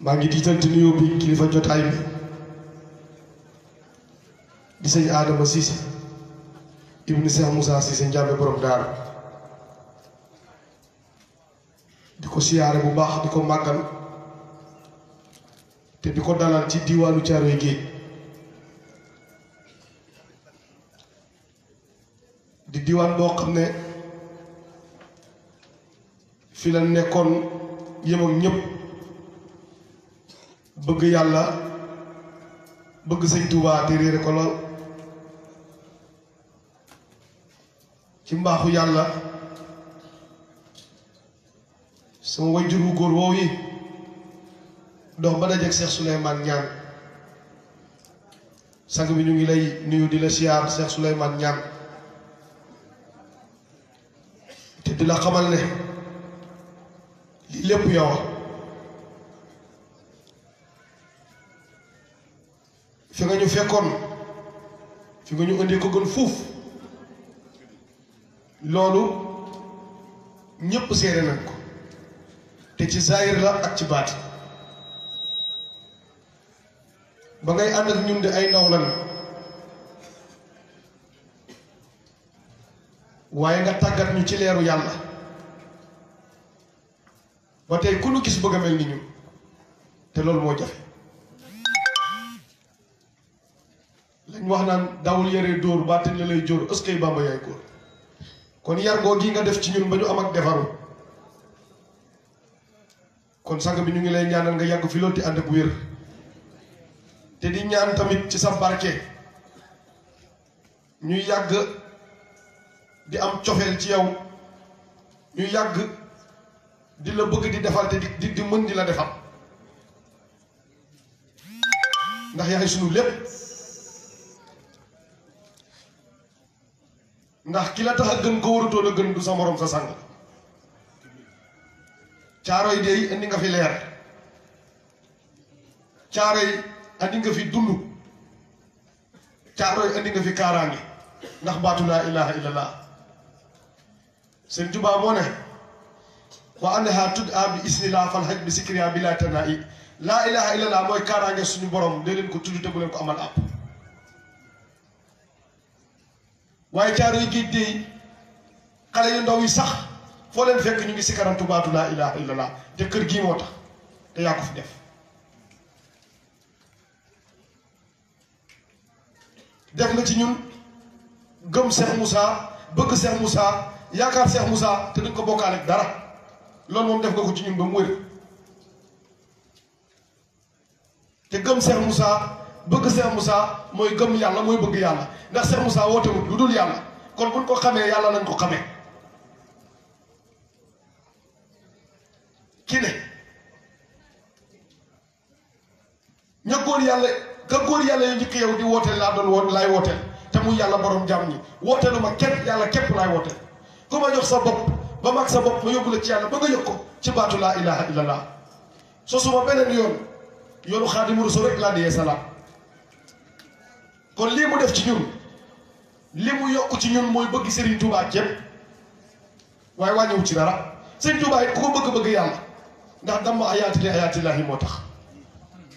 maa ngi jiital di nuyoo bi kilifa jotaay bi di sëñ Adama Cissé ibnu Cheikh musa Cissé Ndiamé borom daaru di ko siyaare bu baax di ko di ko dalal ci diwaanu Caaroy di diwan bo xamne ne fi la nekkon yem ak ñep bëgg yalla bëgg sëñ touba di réere ko lool ci mbaxu yalla sama wajur wu góor wo wi do ba dajek Cheikh souleyman ñaan sang bi ñu ngi lay nuyu di la Cheikh souleyman ñaan la xamal ne li lépp yow fi nga ñu fekkoon fi nga ñu indi ko gën fuuf loolu ñépp seere nañ ko te ci zaahir la ak ci baat ba ngay ànd ak ñun de ay ndaw waye nga tagat ñu ci leeru yalla ba tay ku ñu gis bëgg mel ni ñu té lool mo jafé lañ wax naan dawul door ba baatin la lay ce que bàmba yaay ko kon yar go gi nga def ci ñun bañu am ak défaru kon sang bi ñu ngi lay ñaanal nga yag fi lool ti and ak wër té di ñaan tamit ci sa barké ñuy yag di am cofeel ci yow ñu yàgg di la bëgg di defal te di di mën di la defal ndax yaay sunu lépp ndax ki tax a gën ko warutoon a gën du sa morom sa sang caaroy dey indi nga fi leer caaroy andi nga fi dund caaroy indi nga fi kaaraange ndax baatu laa ilaha illallah seen jubaa moo ne wa annaha tud'a bi isnillah fal haj bi sikriya bi laa tanaa'i laa ilaha illallah mooy kaaraange suñu borom dee leen ko tudd te bu leen ko amal àpp waaye caaro yi géej dey xale yu ndaw yi sax foo leen fekk ñu ngi si karantu baatu laa ilaha illallah te kër gii moo tax te yaa ko fi def def na ci ñun gëm Cheikh Moussa bëgg Cheikh Moussa yaakaar Cheikh Moussa te duñ ko bokkaale dara loolu moom def nga ko ci ñun ba mu wér te gëm Cheikh musa bëgg Cheikh Moussa mooy gëm yàlla mooy bëgg yàlla ndax Cheikh musa wootewut lu dul yàlla kon buñ ko xamee yàlla nañ ko xamee ki ne ña góor yàlla ga góor yàlla yu njëkk yow di wooteel laa doon laay wooteel te muy yàlla borom jàmm ñi wooteelu ma képp yàlla képp laay wooteel ku ma jox sa bopp ba mag sa bopp ma yóbbu la ci yàlla ba nga ko ci baatu laa ilaha illallah so suma beneen yoon yoonu xaadimu rasul rek laa diyee salaam kon lii mu def ci ñun li mu yokk ci ñun mooy bëgg Serigne Touba ceeb waaye wàññiwu ci dara Serigne Touba it ku ko bëgg-bëgg yàlla ndax dama ayaati li ayaati laahi moo tax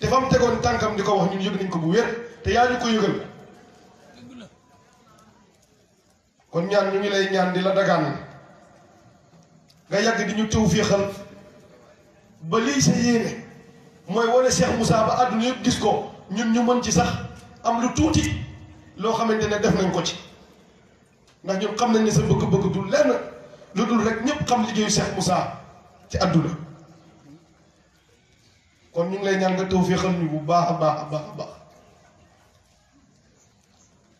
te fa mu tegoon di ko wax ñun yëg nañ ko bu wér te yaa ñu ko yëgal. kon ñaan ñu ngi lay ñaan di la dagaan nga yàgg di ñu tawfiixal ba lii sa yéene mooy wane Cheikh Moussa ba àdduna yëpp gis ko ñun ñu mën ci sax am lu tuuti loo xamante ne def nañ ko ci ndax ñun xam nañ ne sa bëgg-bëgg du lenn lu dul rek ñëpp xam liggéeyu Cheikh Moussa ci àdduna kon ñu ngi lay ñaan nga tawfiixal ñu bu baax a baax baax baax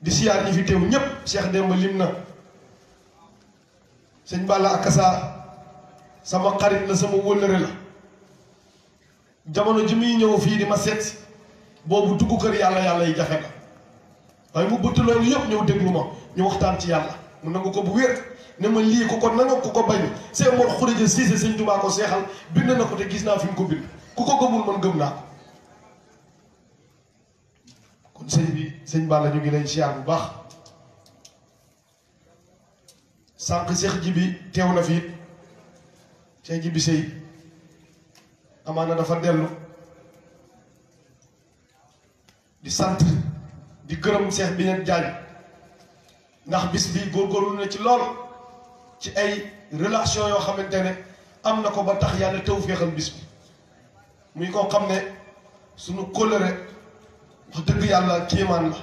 di siyaar ñi fi teew ñépp Cheikh Demba lim na sëñ Balla Akassa sama xarit na sama wëllëre la jamono ji muy ñëw fii di ma seet boobu dugg kër yàlla yàlla yi jafe na waaye mu bëtt loolu yëpp ñëw déglu ma ñu waxtaan ci yàlla mun na nangu ko bu wér ne ma lii ku ko nangu ku ko bañ see mor xurije siise sëñ Tuubaa ko seexal bi na ko te gis naa fi mu ko bind ku ko gëmul man gëm naa ko sëñ bi sëñ Balla ñu ngi lay siyaar bu baax sànq Cheikh Jibi teew na fi it Cheikh Jibi sëy amaana dafa dellu di sant di gërëm bi Binet Diagne ndax bis bi góorgóorlu na ci lool ci ay relation yoo xamante ne am na ko ba tax yàlla tëw féexal bis bi muy koo xam ne suñu kóllëre wax dëgg yàlla kéemaan la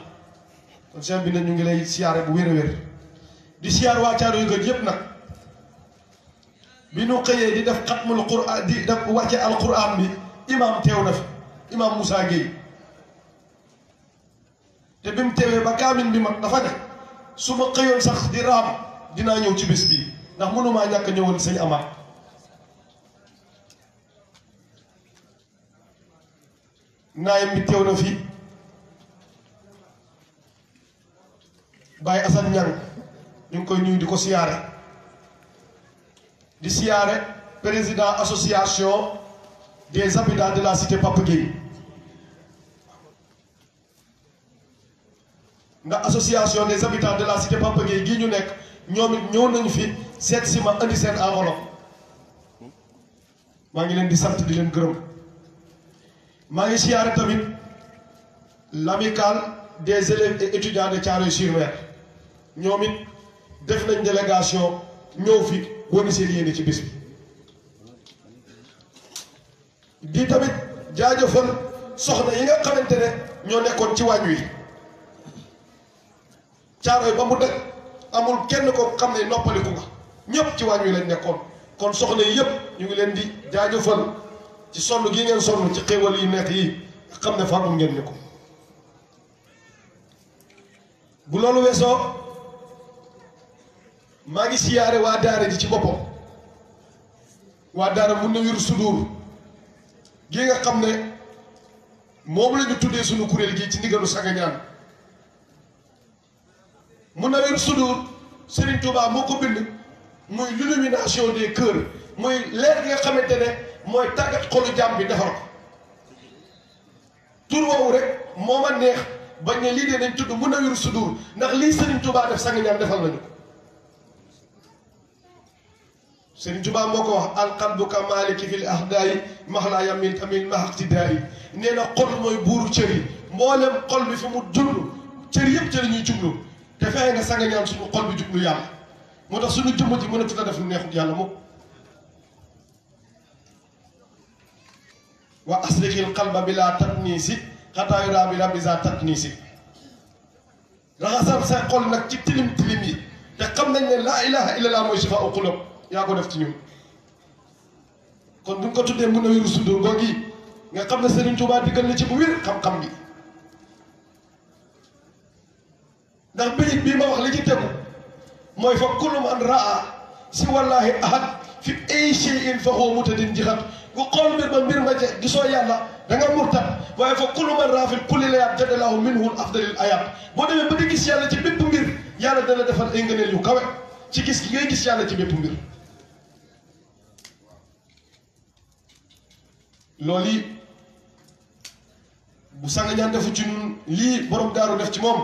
kon bi ne ñu ngi lay siyaare bu wér a wér di siyaar waa Caaroy Géej yëpp nag bi ñu xëyee di def xatmul quraan di def wàcce alquran bi imaam teew na fi imaam Moussa Gueye te bi mu teewee ba kaamin bi mag dafa ne su ma xëyoon sax di raam dinaa ñëw ci bis bii ndax mënumaa ñàkk ñëwoon sëñ amaat naayam bi teew na fi Baye Assane Niang ñu ngi koy nuyu di ko siyaare di siyaare président association des habitants de la cité Papa Guèye ndax association des habitants de la cité Papa Guèye gii ñu nekk ñoom it ñëw nañu fi seet si ma indi seen enveloppe maa ngi leen di sant di leen gërëm maa ngi siyaare tamit l'amicale des élèves et étudiants de Thiaroye-sur-Mer ñoom it def nañ délégation ñëw fi wane seen yéene ci bis bi di tamit jaajëfal soxna yi nga xamante ne ñoo nekkoon ci waañ wi caaroy ba mu dëkk amul kenn ko xam ne noppaliku nga ñëpp ci waañ wi lañ nekkoon kon soxna yi yëpp ñu ngi leen di jaajëfal ci sonn gi ngeen sonn ci xéewal yi nekk yi xam ne fàggul ngeen ni ko bu loolu weesoo maa ngi siyaare waa daara ji ci boppam waa daara mun na wiru suduur gi nga xam ne moom la tuddee sunu kuréel gi ci ndigalu sanga ñaan mun na wiru suduur Serigne Touba moo ko bind muy l'illumination des cœurs muy leer gi nga xamante ne mooy tàggat xolu jàmm bi defar ko tur rek moo ma neex bañ ne lii tudd mun na wiru suduur ndax lii Serigne Touba def sanga ñaan defal nañu sëriñ Tuubaa moo ko wax alqalbu ka maaliki fil ahdaay max laa yamil tamil max iqtidaayi nee na xol mooy buuru cër yi mboolem xol bi fi mu jublu cër yëpp cër ñuy jublu te fexe nga sanga ñaan suñu xol bi jublu yàlla moo tax suñu jëmm ji mënatu la def lu neexut yàlla moom. wa asrixil qalba bi laa tatniisi xataa yuraa bi rabbi za tatniisi raxasal say xol nag ci tilim tilim yi te xam nañ ne laa ilaha illallah mooy shifaa u qulub yaa ko def ci ñun kon bu ñu ko tuddee mun a wiru sundur ngoo gi nga xam ne Serigne Touba diggal na ci bu wér xam-xam bi ndax béyit bii ma wax li ci tegu mooy fa kullum an raa si wallahi ahad fi ay shay'in fa huwa mutadin jixat ku xool mbir ma mbir ma je gisoo yàlla nga murtat waaye fa kullu man raafil kulli la yaat jadalahu minhu afdalil boo demee ba di gis yàlla ci bépp mbir yàlla dana defar ay ngëneel yu kawe ci gis ki ngay gis yàlla ci bépp mbir loolu bu sànga ñaan defu ci lii borom daaru def ci moom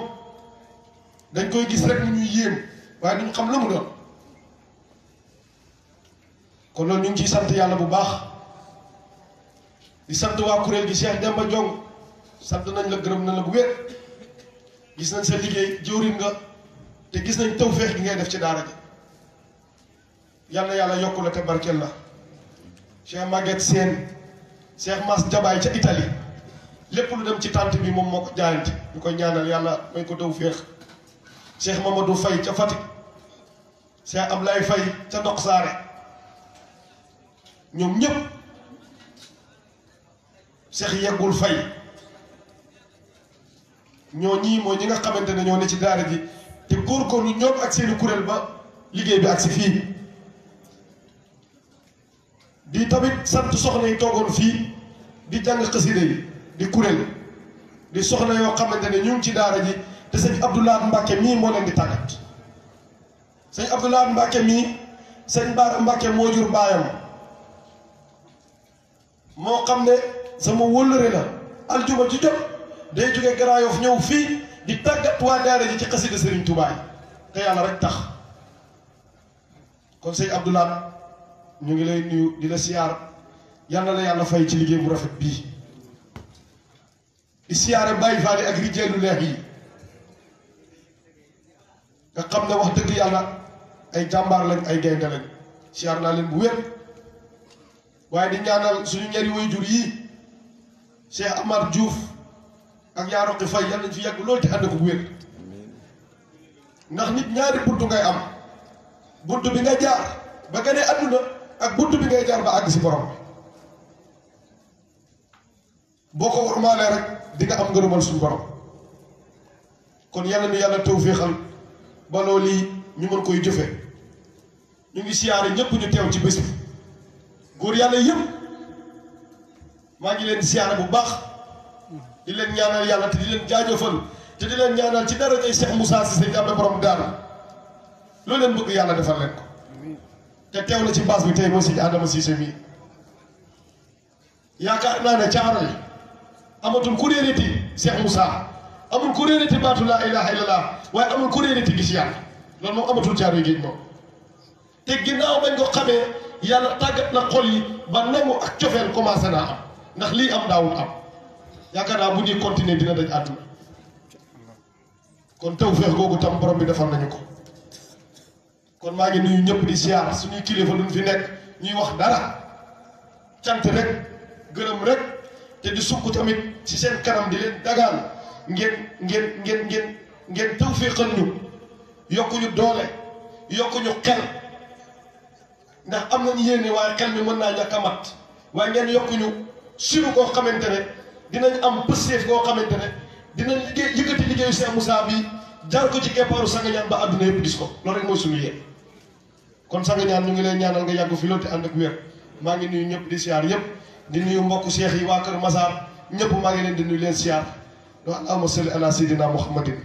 dañ koy gis rek mu ñuy yéem waaye duñ xam la mu doon kon loolu ñu ngi ci sant yàlla bu baax di sant waa kuréel gi Cheikh Demba Diong sant nañ la gërëm na la bu wér gis nañ sa liggéey jëwriñ nga te gis nañ tawféex gi ngay def ci daara ji yàlla yàlla yokku la te barkeel la Cheikh màgget Sène Cheikh Mass Jabaay ca Italie lépp lu dem ci tànt bi moom moo ko jaayante ñu koy ñaanal yàlla may ko taw féex Cheikh Mamadou fay ca Fatick Cheikh Ablaye Faye ca Dox Saare ñoom ñëpp Cheikh Yeggul Faye ñoo ñii mooy ñi nga xamante ne ñoo ne ci daara ji te góorgóorlu ñoom ak seeni kuréel ba liggéey bi ak si fii di tamit sant soxna yi toogoon fii di jàng xasida yi di kuréel di soxna yoo xamante ne ñu ngi ci daara ji te sëñ Abdoulaye Mbacke mii moo leen di tàggat sëñ Abdoulaye Mbacke mii sëñ Baara Mbacke moo jur baayam moo xam ne sama wëllëre la aljuma ci jot day jóge Grand ñëw fii di tàggat waa daara ji ci xasida Serigne Touba te yàlla rek tax kon sëñ Abdoulaye. ñu ngi lay nuyu di la siyaar yàlla na yàlla fay ci liggéey bu rafet bii di siyaare bàyyi faale ak rijaalu leex yi nga xam ne wax dëgg yàlla ay jàmbaar lañ ay gaynde lañ siyaar naa leen bu wér waaye di ñaanal suñu ñari waajur yi Cheikh Amar Diouf ak yaa roqi fay yàlla nañ fi yàgg loolu te ànd ko bu wér ndax nit ñaari bunt ngay am bunt bi nga jaar ba gane àdduna ak bunt bi ngay jaar ba àgg si borom boo ko warmaalee rek di nga am ngërëmal suñu borom kon yàlla nu yàlla tawféexal ba loo lii ñu mën koy jëfe ñu ngi siyaare ñëpp ñu teew ci bés bi góor yàlla yëpp maa ngi leen siyaare bu baax di leen ñaanal yàlla te di leen jaajëfal te di leen ñaanal ci dara jay Cheikh Moussa Cissé jàppe borom daara loolu leen bëgg yàlla defal leen te teew na ci base bi tey moo si Adama si mi yaakaar naa ne caaral amatul ku réerati Cheikh Moussa amul ku réerati baatu laa ilaha illallah waaye amul ku réerati gis yàlla loolu moom amatul caaroy géej moom te ginnaaw bañ ko xamee yàlla tàggat na xol yi ba nangu ak cofeel commencé naa am ndax lii am daawul am yaakaar naa bu ñuy continuer dina daj àdduna kon taw feex googu tam borom bi defal nañu ko kon maa ngi nuyu ñëpp di ziar suñuy kilifa duñ fi nekk ñuy wax dara cant rek gërëm rek te di sukk tamit ci seen kanam di leen dagaan ngeen ngeen ngeen ngeen ngeen tawfiqal ñu yokkuñu doole yokkuñu xel ndax am nañu yéene waaye xel mi mën naa ñàkk a mat waaye ngeen yokkuñu siru koo xamante ne dinañ am pësteef koo xamante ne dinañ liggéey yëkkati liggéeyu Cheikh Moussa bi jaar ko ci keppaaru sanga ñaan ba àdduna yëpp gis ko loolu rek kon sanga ñaan ñu ngi lay ñaanal nga yàgg fi loolu te ànd ak maa ngi nuyu ñëpp di siyaar yëpp di nuyu mbokk seex yi waa Kër Masaar ñëpp maa ngi leen di nuyu leen siyaar do allahumma salli ala sayyidina muhammadin